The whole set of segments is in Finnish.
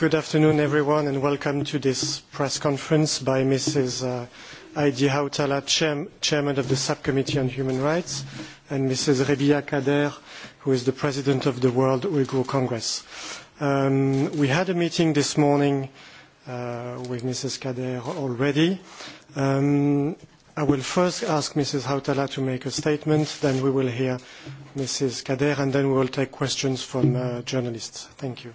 Good afternoon, everyone, and welcome to this press conference by Mrs. Uh, Heidi Hautala, Chairman of the Subcommittee on Human Rights, and Mrs. Rebiya Kadeer, who is the President of the World Uyghur Congress. Um, we had a meeting this morning uh, with Mrs. Kadeer already. Um, I will first ask Mrs. Hautala to make a statement, then we will hear Mrs. Kadeer, and then we will take questions from uh, journalists. Thank you.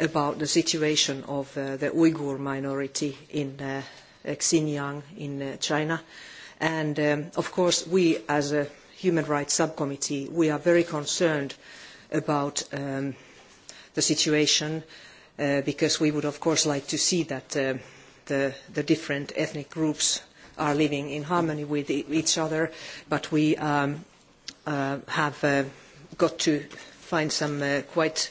about the situation of uh, the Uyghur minority in uh, uh, Xinjiang in uh, China. And um, of course, we as a Human Rights Subcommittee, we are very concerned about um, the situation uh, because we would of course like to see that uh, the, the, different ethnic groups are living in harmony with e each other, but we um, have got to find some quite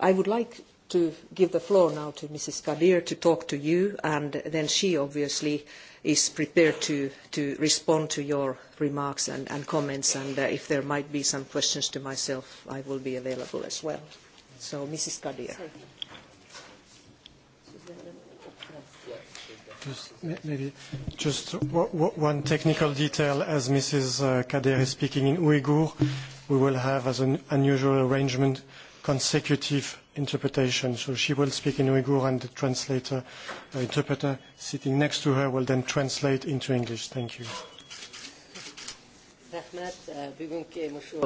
I would like to give the floor now to Mrs. Kadir to talk to you, and then she obviously is prepared to, to respond to your remarks and, and comments, and uh, if there might be some questions to myself, I will be available as well. So, Mrs. Kadir. Just maybe just one technical detail. As Mrs. Uh, Kadir is speaking in Uyghur, we will have, as an unusual arrangement, consecutive interpretation. So she will speak in Uyghur and the translator, the uh, interpreter sitting next to her will then translate into English. Thank you. rahmat bugungi mushu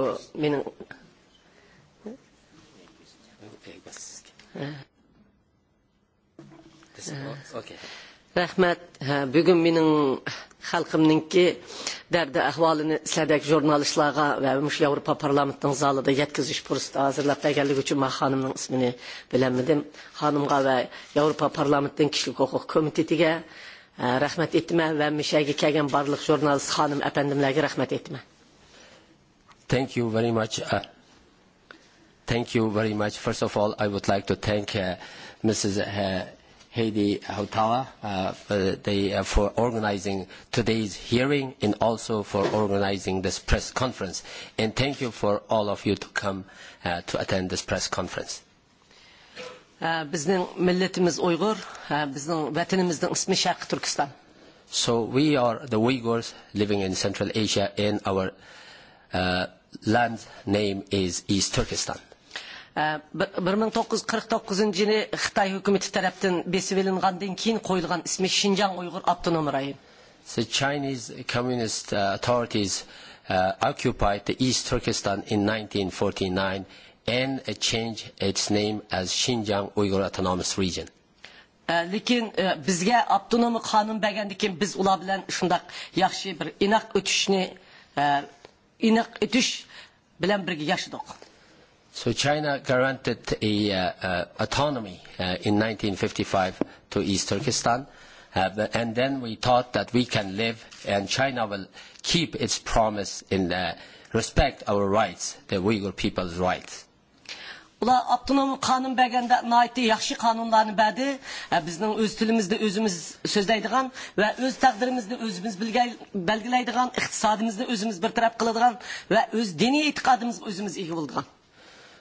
Okay. rahmat bugun mening xalqimninki dərdi əhvalını sədək jurnalistlara və müşl Avropa parlamentinin zalında yetkizmiş fürsəti hazırlab bəgərlik üçün mən xanımın ismini bilənmədim. Xanımğa və Avropa parlamentinin kişilik hüquq komitetigə e, rahmet etmə və müşəgi kəgən barlıq jurnalist xanım əpəndimlərə rahmet etmə. Thank you very much. Uh, thank you very much. First of all, I would like to thank uh, Mrs. Uh, Heidi Hautala uh, for, the, uh, for organizing today's hearing and also for organizing this press conference. And thank you for all of you to come uh, to attend this press conference. Uh, uh So we are the Uyghurs living in Central Asia and our uh, land name is East Turkestan bir ming to'qqiz yuz qirq to'qqizinchi yili xitoy hukumati tarafdan besib ilingandan keyin qo'yilgan ismi shinjang uyg'ur abtonom rayon the chinese communist uh, authorities uh, occupied the east turkestan in 1949 and uh, changed its name as xinjiang uyghur autonomous region э, lekin э, bizga avtonomiya qonun bergandan keyin biz ular bilan shundoq yaxshi bir inoq o'tishni inoq o'tish bilan birga yashadik So China granted a, uh, uh, autonomy uh, in 1955 to East Turkestan. Uh, and then we thought that we can live and China will keep its promise in uh, respect our rights, the Uyghur people's rights. Ular abtonom qonun berganda noiti yaxshi qonunlarni berdi. Bizning o'z tilimizda o'zimiz so'zlaydigan va o'z taqdirimizni o'zimiz belgilaydigan, iqtisodimizni o'zimiz bir taraf qiladigan va o'z diniy e'tiqodimizga o'zimiz ega bo'ladigan.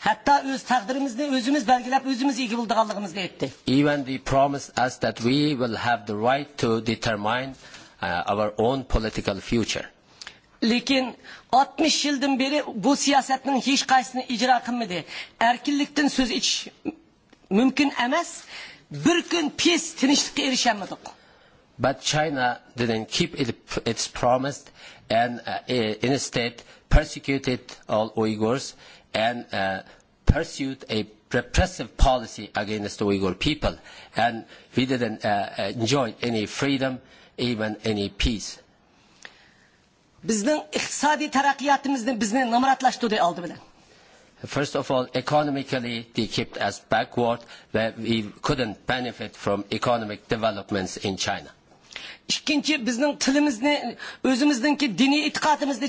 Hatta öz takdirimizni özümüz belgilep özümüz iyi bulduğumuz etti. Even they promised us that we will have the right to determine uh, our own political future. Lekin 60 yıldan beri bu siyasetin hiç kaysını icra kılmadı. Erkinlikten söz iç mümkün emez. Bir gün pis tinişlikle erişemedik. But China didn't keep it, its promise and uh, instead persecuted all Uyghurs and uh, pursued a repressive policy against the Uyghur people. And we didn't uh, uh enjoy any freedom, even any peace. First of all, economically, they kept us backward, where we couldn't benefit from economic developments in China. Ikkinchi, bizning tilimizni, o'zimizningki diniy e'tiqodimizni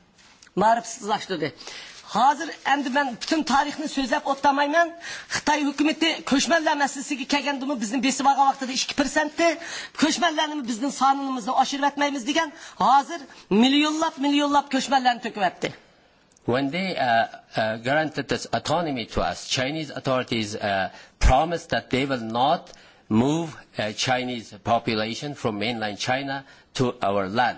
marifsizlaştırdı. Hazır endi ben bütün tarihini sözlep otlamayman. Xitay hükümeti köşmeller bizim besi vaga vakti de iki 2%ti, köşmellerni bizim sanımızda aşırı etmeyimiz diken hazır milyonlap milyonlap köşmellerini töküp etdi. When they uh, uh, granted this autonomy to us, Chinese authorities uh, promised that they will not move uh, Chinese population from mainland China to our land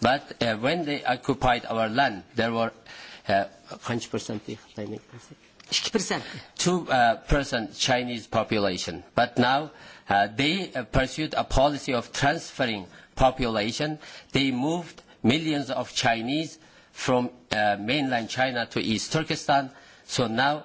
But uh, when they occupied our land, there were kaç uh, uh, percent? 2%. Chinese population. But now uh, they uh, pursued a policy of transferring population. They moved millions of Chinese from uh, mainland China to East Turkestan. So now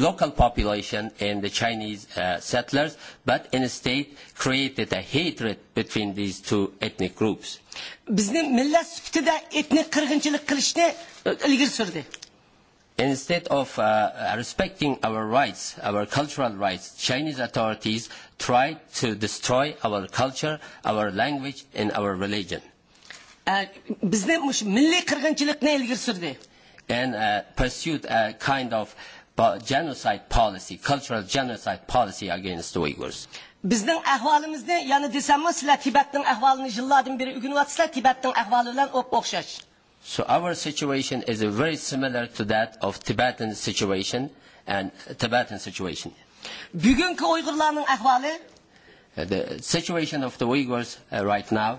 local population and the Chinese uh, settlers, but instead created a hatred between these two ethnic groups. E, instead of uh, uh, respecting our rights, our cultural rights, Chinese authorities tried to destroy our culture, our language, and our religion. Uh, And uh, pursued a kind of genocide policy, cultural genocide policy against the Uyghurs. Bizning ahvolimizni, ya'ni desammi, sizlar Tibetning ahvolini yillardan beri Tibet'ten ahvalı ahvoli o o'xshash. So our situation is very similar to that of Tibetan situation and Tibetan situation. Bugungi Uyg'urlarning ahvalı? Uh, the situation of the Uyghurs uh, right now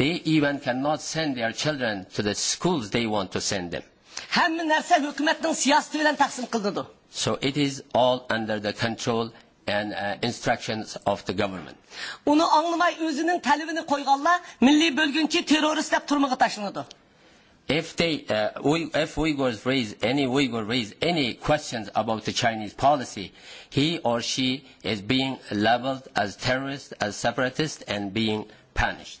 They even cannot send their children to the schools they want to send them. So it is all under the control and uh, instructions of the government. Uni anglamay o'zining talabini qo'yganlar milliy bo'lguncha terrorist deb turmaga tashlanadi. If they, uh, we, if Uyghurs raise any Uyghur raise any questions about the Chinese policy, he or she is being labeled as terrorist, as separatist, and being punished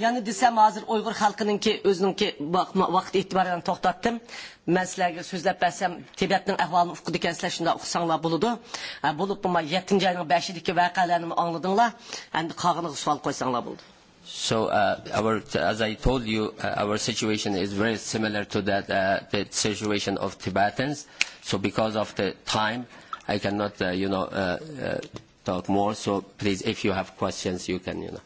Yani desem hazır Uygur halkının ki özünün ki vakit itibarından toxtattım. Mən sizlərə sözləb bəsəm Tibet'nin əhvalını oxudu ikən sizlər şunda buludu. Bulub bu 7 ayının 5 ki vəqələrini anladınla. Əndi qağınıza sual qoysanlar buldu. So uh, our, as I told you, uh, our situation is very similar to that uh, the situation of Tibetans. So because of the time, I cannot, uh, you know, uh, uh, talk more. So please, if you have questions, you can, you know.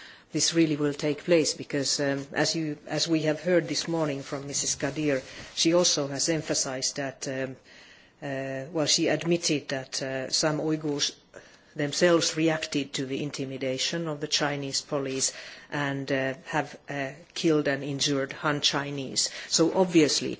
this really will take place because um, as, you, as, we have heard this morning from Mrs. Kadir, she also has emphasised that, um, uh, well, she admitted that uh, some Uyghurs themselves reacted to the intimidation of the Chinese police and uh, have uh, killed and injured Han Chinese. So obviously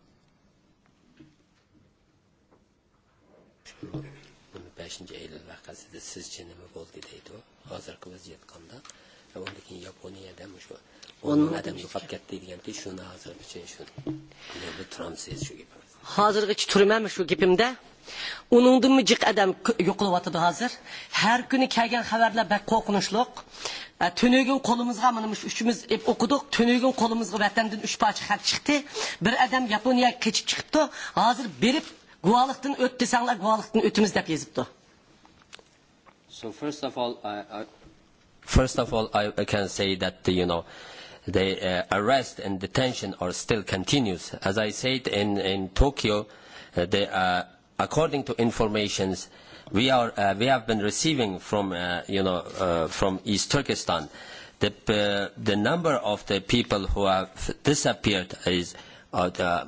buni beshinchi iyul vaqasida sizcha nima bo'ldi deydi u hozirgi vaziyat qandoq undan keyin yaponiyada shu o'n ming odam yo'qolib ketdi deganda shuni hozirgacha shu turamiz shu gapimiz hozirgacha turmanmi shu gapimda uningdimi jiq odam yo'qolyotidi hozir har kuni kelgan xabarlar bak qo'rqinchliq tunugin qo'limizga mana shu uchimiz o'qidik tunugin qo'limizga vatandan uch pocha xat chiqdi bir odam yaponiyaga kechib chiqibdi hozir berib guvalıktan öt desenler guvalıktan ötümüz dep da. So first of all, I, I, first of all, I can say that you know the uh, arrest and detention are still continues. As I said in in Tokyo, uh, the, uh, according to informations we are uh, we have been receiving from uh, you know uh, from East Turkestan, the uh, the number of the people who have disappeared is. Uh, the,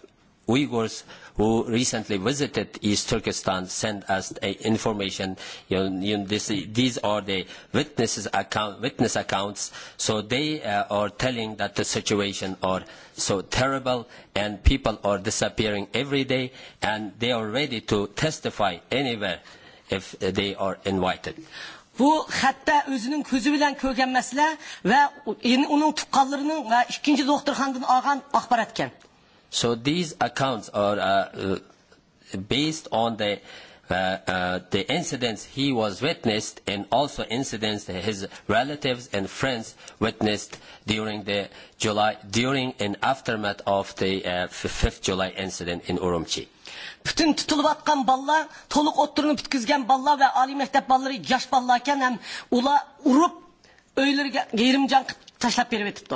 Uyghurs who recently visited East Turkestan sent us a information. You know, you know, this, these are the witnesses account, witness accounts. So they uh, are telling that the situation are so terrible and people are disappearing every day and they are ready to testify anywhere if they are invited. Bu hatta özünün közü bilen kögen mesele ve onun tukallarının ve ikinci doktor hanımın ağan akbarat So these accounts are uh, uh, based on the uh, uh, the incidents he was witnessed and also incidents that his relatives and friends witnessed during the July during and aftermath of the uh, 5th July incident in Urumqi. Bütün tutulubatkan ballar, toluk otturunu bitkizgen ballar ve ali mektep balları yaş ballarken hem ula urup öylerge yerimcan taşlap berip etipdi.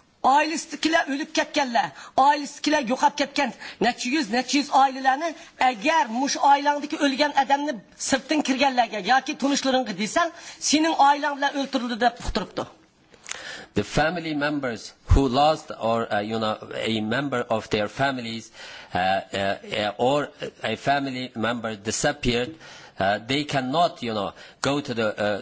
oilasidagilar ölüp ketkenler, oilasidagilar yokap ketken, necha yuz necha yuz ailelerini, eğer muş oilangniki o'lgan odamni sirtdan kirgenlerge, ya ki desang gidiysen, senin ailenle öldürüldü de uqtiribdi the family members who lost or uh, you know a member of their families uh, uh, uh or a family member disappeared uh, they cannot you know go to the uh,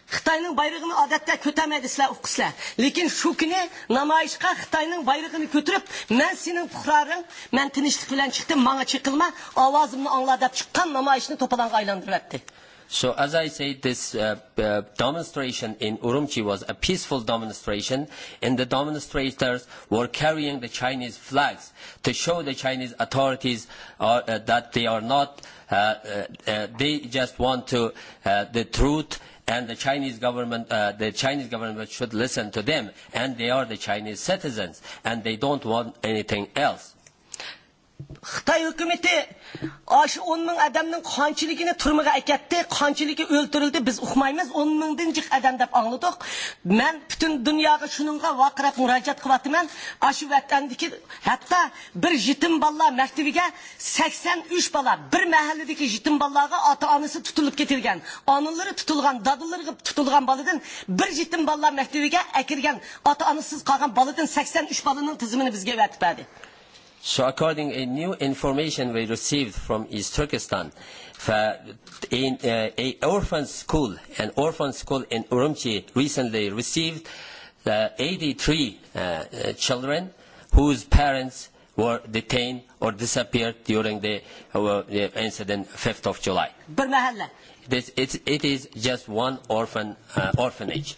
Xitayning bayrog'ini odatda ko'tarmaydi sizlar o'qisizlar. Lekin shu kuni namoyishga Xitayning bayrog'ini ko'tarib, men sening fuqaroring, men tinchlik bilan chiqdim, menga chiqilma, ovozimni angla deb chiqqan namoyishni to'polonga aylantiryapti. So as I say, this uh, uh, demonstration in Urumqi was a peaceful demonstration, and the demonstrators were carrying the Chinese flags to show the Chinese authorities uh, uh, that they are not, uh, uh, uh, they just want to, uh, the truth and the Chinese government, uh, the Chinese government should listen to them, and they are the Chinese citizens, and they don't want anything else xitoy hukumati shu o'n ming odamning qanchiligini turmaga akatdi qanchaligi o'ltirildi biz uqmaymiz o'n mingdan jiq odam deb angladik man butun dunyoga shuninga vaqirab murojaat qilyapman shu vatandiki 83 bir yetim bolalar maktabiga sakson uch bola bir mahalladagi yetim bolalarga ota onasi tutilib ketilgan onalari tutilgan dadalari tutilgan boladan bir yetim bolalar maktabiga akirgan ota onasiz qolgan boladan 83 uch tizimini bizga vatib So according a new information we received from East Turkestan, in uh, a orphan school, an orphan school in Urumqi recently received uh, 83 uh, uh, children whose parents were detained or disappeared during the, uh, the incident 5th of July. This, it, it is just one orphan uh, orphanage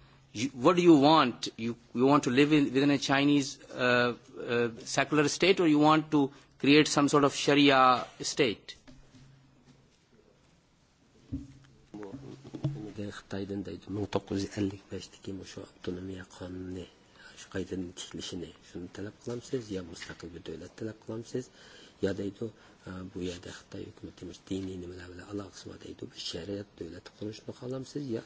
You, what do you want? You, you want to live in, within a Chinese uh, uh, secular state or you want to create some sort of Sharia state? xitoydan deydi ming to'qqiz yuz ellik beshdagi shu avtonomiya qonuni shu qaytadan tikilishini shuni talab qilamsiz yo mustaqil bir davlat talab qilamsiz yo deydi bu yerda xitoy hukumati diniy nimalar bilan aloqasi bor deydi shariat davlati qurishni xohlamsiz yo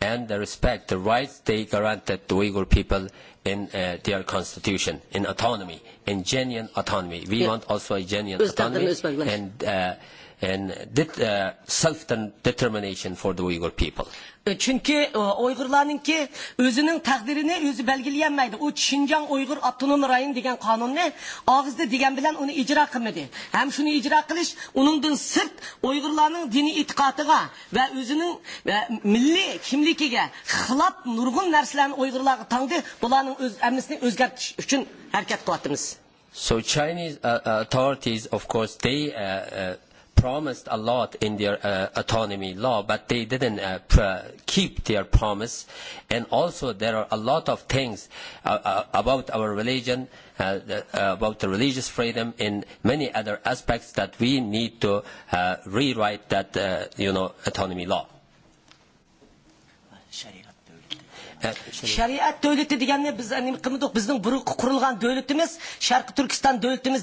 and respect the rights they granted the Uyghur people in uh, their constitution, in autonomy, in genuine autonomy. We yeah. want also a genuine autonomy. And, uh, and det, uh, eh, self determination for the Uyghur people. E, çünkü e, ki özünün takdirini özü belgileyemeydi. O Çincan Uygur Abdunum Rayın kanun ne? ağızda diyen bilen onu icra kılmadı. Hem şunu icra kılış, da sırt Uygurların dini itikatına ve özünün ve milli kimlikine hılap nurgun derslerin Uygurlarına tanıdı. Bunların öz, emnisini özgertiş için hareket kılattınız. So Chinese uh, uh, authorities of course they uh, uh, promised a lot in their uh, autonomy law, but they didn't uh, pr- keep their promise. And also, there are a lot of things uh, uh, about our religion, uh, the, uh, about the religious freedom, and many other aspects that we need to uh, rewrite that, uh, you know, autonomy law. shariat davlati deganni biz nima qilmadik bizning burun qurilgan davlat emas sharqi turkiston davlati emas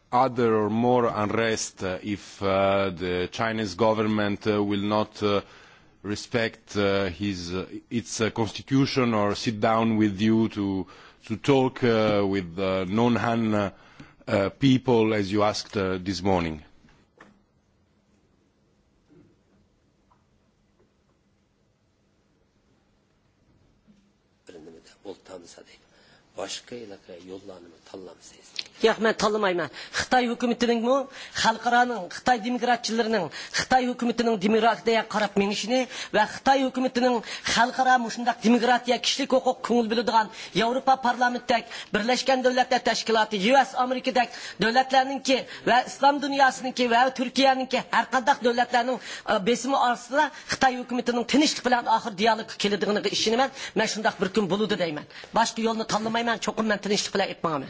other or more unrest uh, if uh, the Chinese government uh, will not uh, respect uh, his, uh, its constitution or sit down with you to, to talk with the non-Han people as you asked this morning. Başka yollanımı yo'q man tanlamayman xitoy hukumatiningmi xalqaroning xitoy demokratchilarining xitoy hukumatining demokratiyaga qarab minishini va xitoy hukumatining xalqaro shundaq demokratiya kishilik huquq ko'ngil biladigan yevropa parlamentdak birlashgan davlatlar tashkiloti us amerikadak davlatlarningki va islom dunyosiniki va turkiyaniki har qanday davlatlarning e, besimi ostida xitoy hukumatining tinchlik bilan oxir dialogga keladiganiga ishonaman man shundaq bir kun bo'ludi deyman boshqa yo'lni tanlamayman cho'qim man tinchlik bilan aytmoqman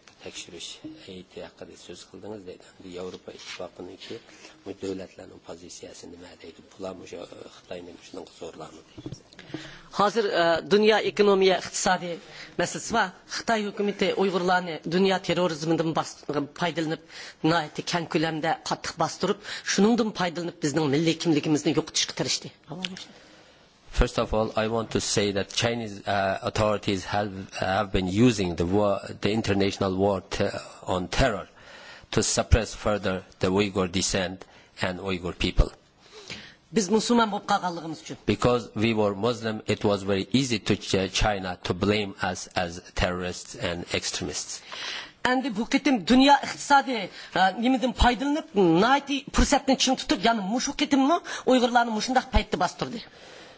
tekşürüş heyeti hakkında söz kıldınız dedi. Bir Avrupa İttifakı'nın ki bu devletlerin pozisyası ne deydi? Bunlar mı Hıhtay'ın şunun zorlanı deydi. Hazır e, dünya ekonomiye iktisadi meselesi var. Hıhtay hükümeti Uygurlarını dünya terörizminden faydalanıp nahiyeti kent külemde qattiq bastırıp şunundan faydalanıp bizning milliy kimligimizni yo'qotishga tirishdi. First of all, I want to say that Chinese uh, authorities have, have been using the, war, the international war te on terror to suppress further the Uyghur descent and Uyghur people. Because we were Muslim, it was very easy to ch China to blame us as terrorists and extremists. endi bu ketim dunyo iqtisodiy e, nimidan foydalanib nati fursatni ching tutib yana mushu ketimni uyg'urlarni mushundoq paytda bostirdi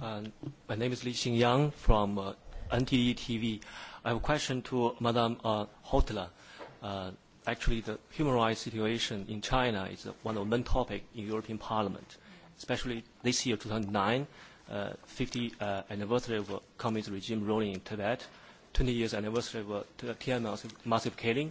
Uh, my name is Li Xingyang from uh, NTD TV. I have a question to Madam uh, Hotla. Uh, actually, the human rights situation in China is uh, one of the main topics in European Parliament, especially this year, 2009, uh, 50 uh, anniversary of uh, communist regime ruling in Tibet, 20 years anniversary of uh, Tiananmen massive killing,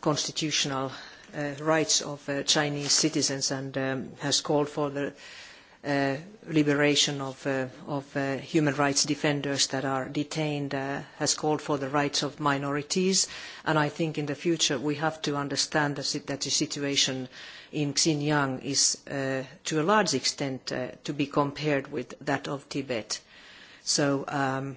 constitutional uh, rights of uh, Chinese citizens and um, has called for the uh, liberation of, uh, of uh, human rights defenders that are detained, uh, has called for the rights of minorities. And I think in the future we have to understand that the situation in Xinjiang is to a large extent to be compared with that of Tibet. So um,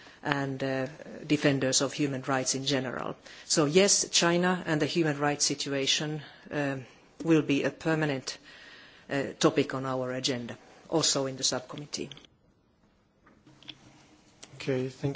and uh, defenders of human rights in general. So yes, China and the human rights situation uh, will be a permanent uh, topic on our agenda, also in the subcommittee. Okay, thank